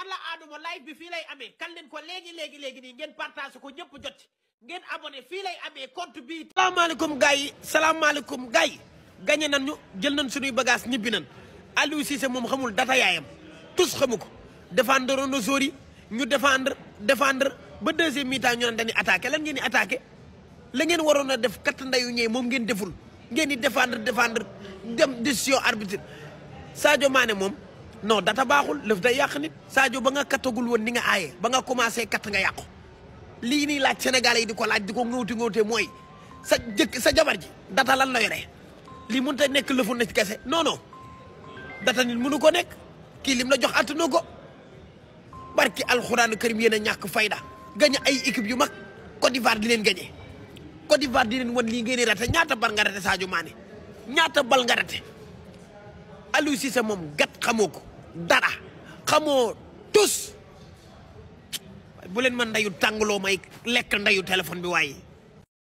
alla aaduma live bi fii lay amee kan leen ko léegi léegi léegi nii ngeen partage ko ñëpp jot ngeen abonné fii lay amee compte bi. salaamaaleykum gars yi salaamaaleykum gars yi gagné nañ ñu jël nañ suñuy bagage ñibbi nañ Aliou Cissé moom xamul data yaayam tous xamu ko défendre na sóori ñu défendre défendre ba deuxième mi-temps ñu naan dañuy attaqué lan ngeen di attaqué la ngeen waroon a def kat ndayu ñëw moom ngeen deful ngeen di défendre défendre dem décision arbitre Sadio Mané moom. non data baaxul lëf day yàq nit Sadio ba nga kattagul woon ni nga aaye ba nga commencé katt nga yàqu lii nii laaj sénégalais yi di ko laaj di ko ŋawti ŋawte mooy sa jëkk sa jabar ji data lan la yore lii mun a nekk lëfu nit kese non non data nit mënu ko nekk kii lim la jox attanoo ko barki alxuraanu karim yéen a ñàkk fayda gañ ay équipe yu mag Côte d'Ivoire di leen gañe Côte d'Ivoire di leen wan lii ngeen di rate ñaata bal nga rate Sadio Mané ñaata bal nga rate Aliou Cissé moom gat xamoo ko dara xamoo tus bu leen ma ndeyu tàngaloo may lekk ndeyu téléphone bi waaye